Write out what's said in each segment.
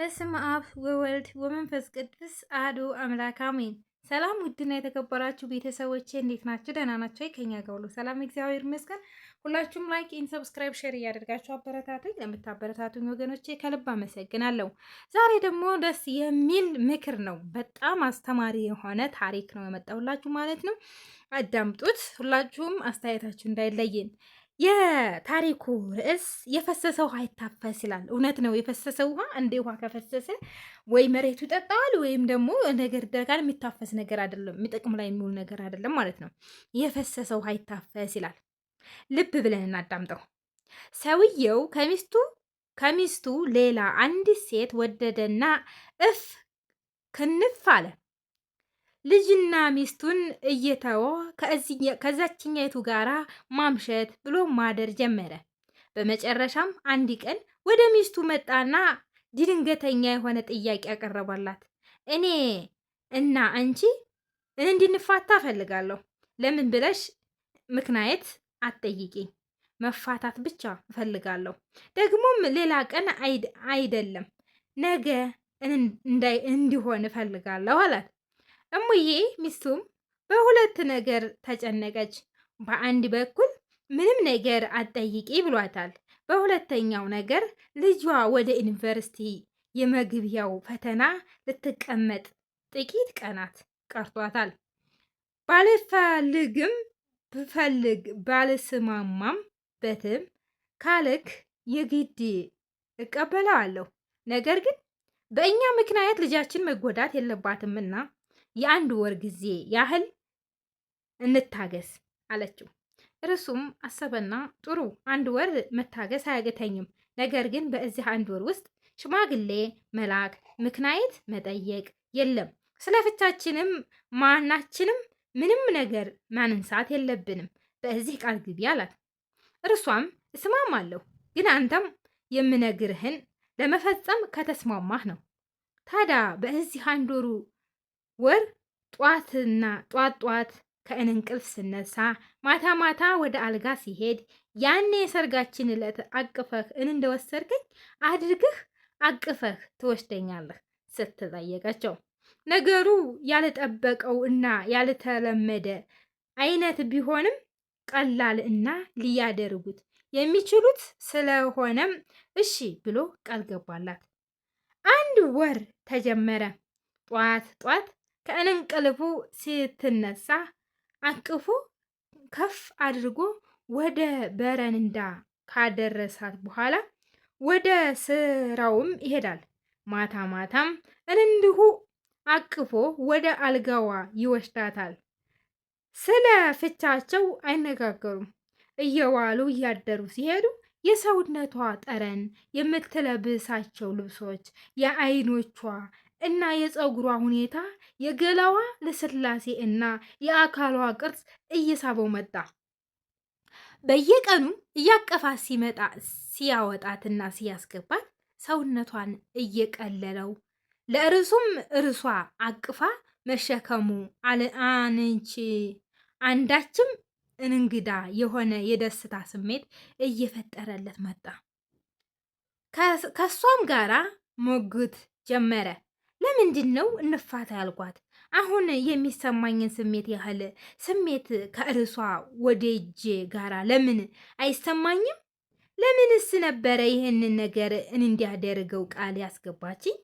በስም አብ ወወልድ ወመንፈስ ቅዱስ አሐዱ አምላክ አሜን። ሰላም ውድና የተከበራችሁ ቤተሰቦቼ እንዴት ናችሁ? ደህና ናቸው። ከኛ ጋር ሁሉ ሰላም እግዚአብሔር ይመስገን። ሁላችሁም ላይክ፣ ኢን ሰብስክራይብ፣ ሼር እያደርጋችሁ አበረታቱኝ። ለምታበረታቱኝ ወገኖቼ ከልብ አመሰግናለሁ። ዛሬ ደግሞ ደስ የሚል ምክር ነው፣ በጣም አስተማሪ የሆነ ታሪክ ነው የመጣሁላችሁ ማለት ነው። አዳምጡት ሁላችሁም፣ አስተያየታችሁ እንዳይለየን የታሪኩ ርዕስ የፈሰሰ ውሃ ይታፈስ ይላል። እውነት ነው። የፈሰሰ ውሃ እንደ ውሃ ከፈሰሰ ወይ መሬቱ ይጠጣዋል ወይም ደግሞ ነገር ይደረጋል። የሚታፈስ ነገር አይደለም፣ የሚጠቅም ላይ የሚውል ነገር አይደለም ማለት ነው። የፈሰሰ ውሃ ይታፈስ ይላል። ልብ ብለን እናዳምጠው። ሰውየው ከሚስቱ ከሚስቱ ሌላ አንዲት ሴት ወደደና እፍ ክንፍ አለ። ልጅና ሚስቱን እየተወ ከዛችኛይቱ ጋራ ማምሸት ብሎ ማደር ጀመረ። በመጨረሻም አንድ ቀን ወደ ሚስቱ መጣና ድንገተኛ የሆነ ጥያቄ ያቀረባላት። እኔ እና አንቺ እንድንፋታ እፈልጋለሁ። ለምን ብለሽ ምክንያት አትጠይቂኝ። መፋታት ብቻ እፈልጋለሁ። ደግሞም ሌላ ቀን አይደለም ነገ እንዲሆን እፈልጋለሁ አላት። እሙዬ ሚስቱም በሁለት ነገር ተጨነቀች። በአንድ በኩል ምንም ነገር አትጠይቂ ብሏታል። በሁለተኛው ነገር ልጇ ወደ ዩኒቨርሲቲ የመግቢያው ፈተና ልትቀመጥ ጥቂት ቀናት ቀርቷታል። ባልፈልግም ብፈልግ ባልስማማም በትም ካልክ የግድ እቀበለዋለሁ። ነገር ግን በእኛ ምክንያት ልጃችን መጎዳት የለባትምና የአንድ ወር ጊዜ ያህል እንታገስ አለችው። እርሱም አሰበና ጥሩ አንድ ወር መታገስ አያገተኝም፣ ነገር ግን በዚህ አንድ ወር ውስጥ ሽማግሌ መላክ፣ ምክንያት መጠየቅ የለም። ስለ ፍቻችንም ማናችንም ምንም ነገር ማንንሳት የለብንም። በዚህ ቃል ግቢ አላት። እርሷም እስማማለሁ፣ ግን አንተም የምነግርህን ለመፈጸም ከተስማማህ ነው። ታዲያ በዚህ አንድ ወሩ ወር ጧትና ጧት ጧት ከእንቅልፍ ስነሳ ማታ ማታ ወደ አልጋ ሲሄድ ያኔ የሰርጋችን ዕለት አቅፈህ እን እንደወሰድከኝ አድርግህ አቅፈህ ትወስደኛለህ ስትጠየቀቸው ነገሩ ያልጠበቀው እና ያልተለመደ አይነት ቢሆንም ቀላል እና ሊያደርጉት የሚችሉት ስለሆነም እሺ ብሎ ቃል ገባላት። አንድ ወር ተጀመረ። ጧት ጧት ከእንቅልፉ ስትነሳ አቅፎ ከፍ አድርጎ ወደ በረንዳ ካደረሳት በኋላ ወደ ስራውም ይሄዳል። ማታ ማታም እንዲሁ አቅፎ ወደ አልጋዋ ይወስዳታል። ስለ ፍቻቸው አይነጋገሩም። እየዋሉ እያደሩ ሲሄዱ የሰውነቷ ጠረን፣ የምትለብሳቸው ልብሶች፣ የአይኖቿ እና የፀጉሯ ሁኔታ የገላዋ ልስላሴ እና የአካሏ ቅርጽ እየሳበው መጣ። በየቀኑ እያቀፋት ሲመጣ ሲያወጣትና ሲያስገባት ሰውነቷን እየቀለለው ለእርሱም እርሷ አቅፋ መሸከሙ አንቺ አንዳችም እንግዳ የሆነ የደስታ ስሜት እየፈጠረለት መጣ። ከእሷም ጋራ ሞግት ጀመረ። ለምንድን ነው እንፋታ ያልኳት? አሁን የሚሰማኝን ስሜት ያህል ስሜት ከእርሷ ወደ እጄ ጋራ ለምን አይሰማኝም? ለምንስ ነበረ ይህንን ነገር እንዲያደርገው ቃል ያስገባችኝ?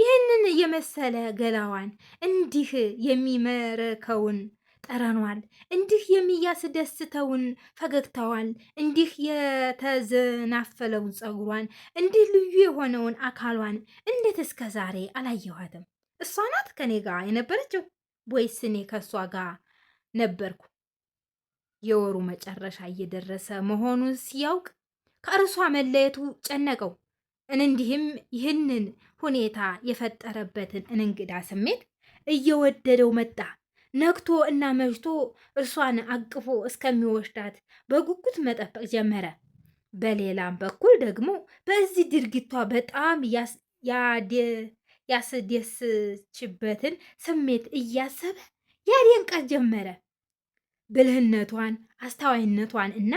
ይህንን የመሰለ ገላዋን እንዲህ የሚመረከውን ጠረኗል፣ እንዲህ የሚያስደስተውን ፈገግታዋን፣ እንዲህ የተዘናፈለውን ፀጉሯን፣ እንዲህ ልዩ የሆነውን አካሏን እንዴት እስከ ዛሬ አላየኋትም? እሷ ናት ከኔ ጋር የነበረችው ወይስ እኔ ከእሷ ጋር ነበርኩ? የወሩ መጨረሻ እየደረሰ መሆኑን ሲያውቅ ከእርሷ መለየቱ ጨነቀው። እንዲህም ይህንን ሁኔታ የፈጠረበትን እንግዳ ስሜት እየወደደው መጣ። ነክቶ እና መሽቶ እርሷን አቅፎ እስከሚወስዳት በጉጉት መጠበቅ ጀመረ። በሌላም በኩል ደግሞ በዚህ ድርጊቷ በጣም ያስደስችበትን ስሜት እያሰበ ያደንቃት ጀመረ። ብልህነቷን፣ አስተዋይነቷን እና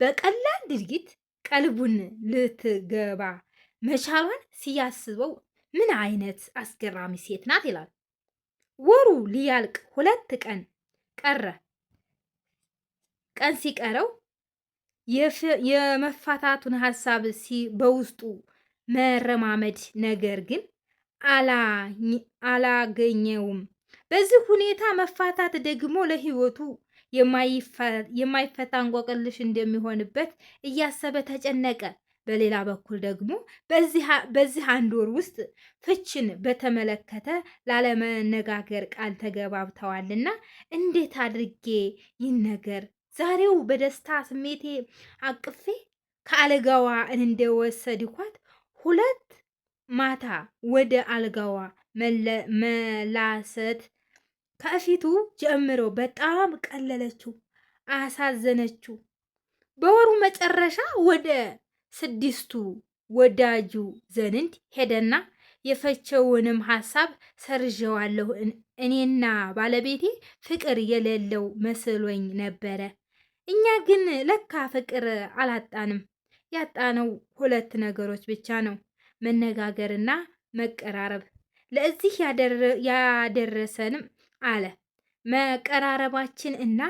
በቀላል ድርጊት ቀልቡን ልትገባ መቻሏን ሲያስበው ምን አይነት አስገራሚ ሴት ናት ይላል። ወሩ ሊያልቅ ሁለት ቀን ቀረ። ቀን ሲቀረው የመፋታቱን ሀሳብ በውስጡ መረማመድ ነገር ግን አላገኘውም። በዚህ ሁኔታ መፋታት ደግሞ ለህይወቱ የማይፈታ እንቆቅልሽ እንደሚሆንበት እያሰበ ተጨነቀ። በሌላ በኩል ደግሞ በዚህ አንድ ወር ውስጥ ፍችን በተመለከተ ላለመነጋገር ቃል ተገባብተዋልና እንዴት አድርጌ ይነገር? ዛሬው በደስታ ስሜቴ አቅፌ ከአልጋዋ እንደወሰድኳት ሁለት ማታ ወደ አልጋዋ መላሰት ከፊቱ ጀምሮ በጣም ቀለለችው፣ አሳዘነችው። በወሩ መጨረሻ ወደ ስድስቱ ወዳጁ ዘንድ ሄደና የፈቸውንም ሀሳብ ሰርዣዋለሁ እኔና ባለቤቴ ፍቅር የሌለው መስሎኝ ነበረ። እኛ ግን ለካ ፍቅር አላጣንም። ያጣነው ሁለት ነገሮች ብቻ ነው፣ መነጋገርና መቀራረብ። ለዚህ ያደረሰንም አለ መቀራረባችን እና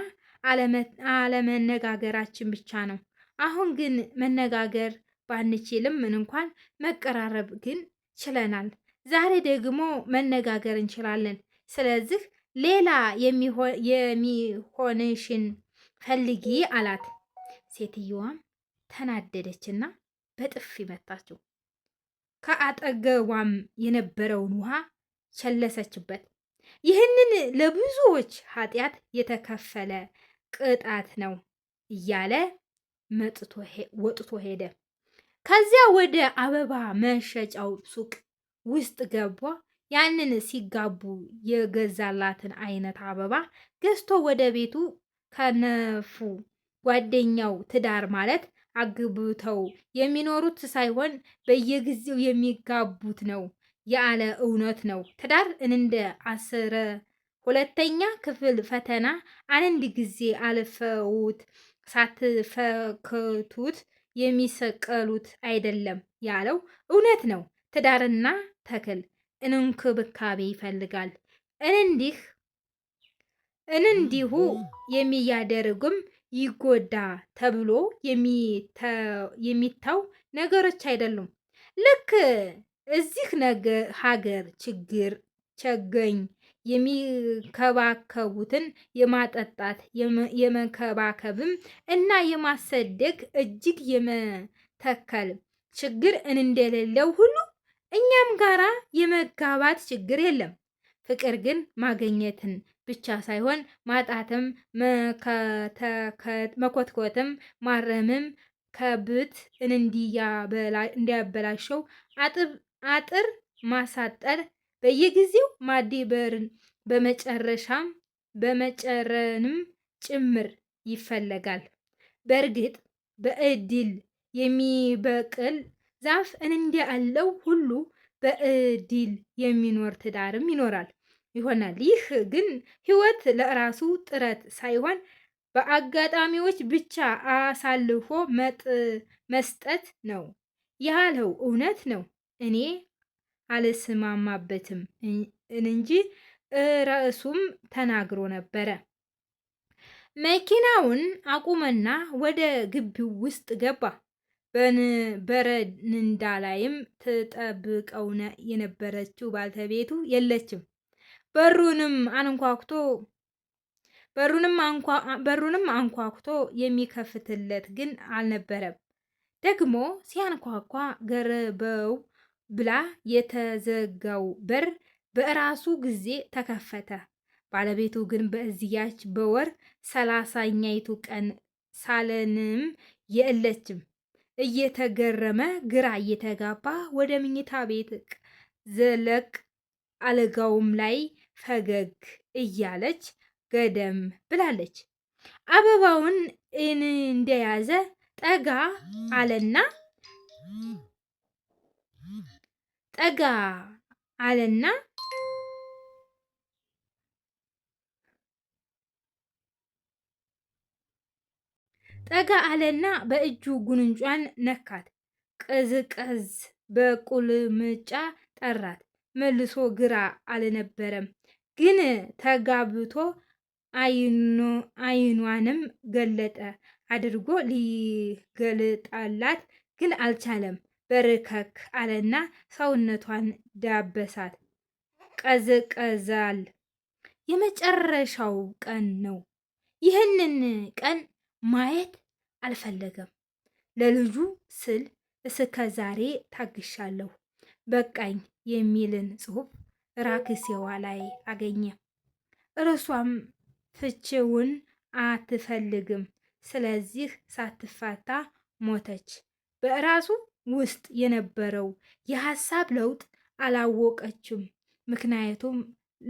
አለመነጋገራችን ብቻ ነው። አሁን ግን መነጋገር ባንችልም ምን እንኳን መቀራረብ ግን ችለናል። ዛሬ ደግሞ መነጋገር እንችላለን። ስለዚህ ሌላ የሚሆንሽን ፈልጊ አላት። ሴትየዋም ተናደደችና በጥፊ መታችው። ከአጠገቧም የነበረውን ውሃ ቸለሰችበት። ይህንን ለብዙዎች ኃጢአት የተከፈለ ቅጣት ነው እያለ ወጥቶ ሄደ። ከዚያ ወደ አበባ መሸጫው ሱቅ ውስጥ ገቧ። ያንን ሲጋቡ የገዛላትን አይነት አበባ ገዝቶ ወደ ቤቱ ከነፉ። ጓደኛው ትዳር ማለት አግብተው የሚኖሩት ሳይሆን በየጊዜው የሚጋቡት ነው ያለ እውነት ነው። ትዳር እንደ አስረ ሁለተኛ ክፍል ፈተና አንድ ጊዜ አልፈውት ሳትፈክቱት የሚሰቀሉት አይደለም ያለው እውነት ነው። ትዳርና ተክል እንክብካቤ ይፈልጋል። እንንዲህ እንንዲሁ የሚያደርጉም ይጎዳ ተብሎ የሚታው ነገሮች አይደሉም። ልክ እዚህ ሀገር ችግር ቸገኝ የሚከባከቡትን የማጠጣት የመከባከብም እና የማሰደግ እጅግ የመተከል ችግር እንደሌለው ሁሉ እኛም ጋራ የመጋባት ችግር የለም። ፍቅር ግን ማግኘትን ብቻ ሳይሆን ማጣትም፣ መኮትኮትም፣ ማረምም ከብት እንዲያበላሸው አጥር ማሳጠር በየጊዜው ማዴበርን በመጨረሻም በመጨረንም ጭምር ይፈለጋል። በእርግጥ በእድል የሚበቅል ዛፍ እንዲ ያለው ሁሉ በእድል የሚኖር ትዳርም ይኖራል ይሆናል። ይህ ግን ህይወት ለራሱ ጥረት ሳይሆን በአጋጣሚዎች ብቻ አሳልፎ መስጠት ነው ያለው እውነት ነው። እኔ አልስማማበትም እንጂ ርዕሱም ተናግሮ ነበረ። መኪናውን አቁመና ወደ ግቢው ውስጥ ገባ። በረንዳ ላይም ትጠብቀው የነበረችው ባልተቤቱ የለችም። በሩንም አንኳኩቶ በሩንም አንኳኩቶ የሚከፍትለት ግን አልነበረም። ደግሞ ሲያንኳኳ ገረበው ብላ የተዘጋው በር በራሱ ጊዜ ተከፈተ። ባለቤቱ ግን በዚያች በወር ሰላሳኛይቱ ቀን ሳለንም የለችም። እየተገረመ ግራ እየተጋባ ወደ መኝታ ቤት ዘለቅ፣ አልጋውም ላይ ፈገግ እያለች ገደም ብላለች። አበባውን እንደያዘ ጠጋ አለና ጠጋ አለና ጠጋ አለና በእጁ ጉንጯን ነካት። ቅዝቅዝ በቁልምጫ ጠራት። መልሶ ግራ አልነበረም፣ ግን ተጋብቶ አይኗንም ገለጠ አድርጎ ሊገልጣላት ግን አልቻለም። በርከክ አለና ሰውነቷን ዳበሳት። ቀዝቀዛል። የመጨረሻው ቀን ነው። ይህንን ቀን ማየት አልፈለገም። ለልጁ ስል እስከ ዛሬ ታግሻለሁ በቃኝ የሚልን ጽሑፍ ራክሴዋ ላይ አገኘ። እርሷም ፍቺውን አትፈልግም፣ ስለዚህ ሳትፋታ ሞተች። በራሱ ውስጥ የነበረው የሀሳብ ለውጥ አላወቀችም። ምክንያቱም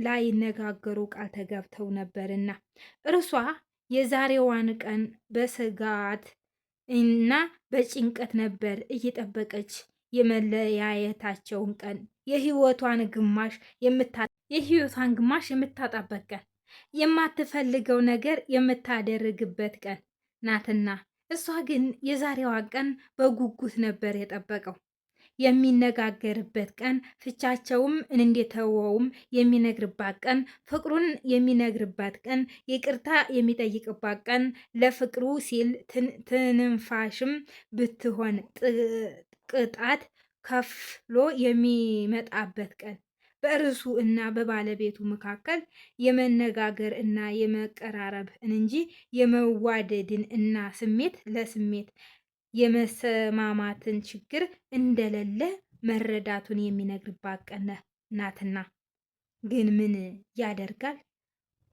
ላይነጋገሩ ቃል ተገብተው ነበርና እርሷ የዛሬዋን ቀን በስጋት እና በጭንቀት ነበር እየጠበቀች የመለያየታቸውን ቀን የህይወቷን ግማሽ የህይወቷን ግማሽ የምታጣበት ቀን የማትፈልገው ነገር የምታደርግበት ቀን ናትና እሷ ግን የዛሬዋ ቀን በጉጉት ነበር የጠበቀው። የሚነጋገርበት ቀን ፍቻቸውም እንደተወውም የሚነግርባት ቀን፣ ፍቅሩን የሚነግርባት ቀን፣ ይቅርታ የሚጠይቅባት ቀን፣ ለፍቅሩ ሲል ትንፋሽም ብትሆን ቅጣት ከፍሎ የሚመጣበት ቀን በእርሱ እና በባለቤቱ መካከል የመነጋገር እና የመቀራረብን እንጂ የመዋደድን እና ስሜት ለስሜት የመሰማማትን ችግር እንደሌለ መረዳቱን የሚነግርባት ቀን ናትና ግን ምን ያደርጋል?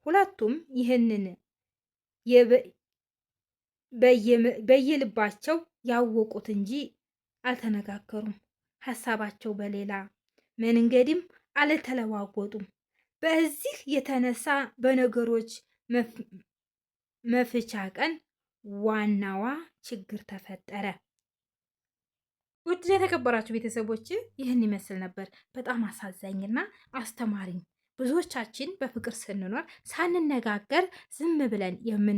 ሁለቱም ይህንን በየልባቸው ያወቁት እንጂ አልተነጋገሩም። ሀሳባቸው በሌላ መንገድም አልተለዋወጡም። በዚህ የተነሳ በነገሮች መፍቻ ቀን ዋናዋ ችግር ተፈጠረ። ውድ የተከበራችሁ ቤተሰቦች ይህን ይመስል ነበር። በጣም አሳዛኝና አስተማሪኝ ብዙዎቻችን በፍቅር ስንኖር ሳንነጋገር ዝም ብለን የምን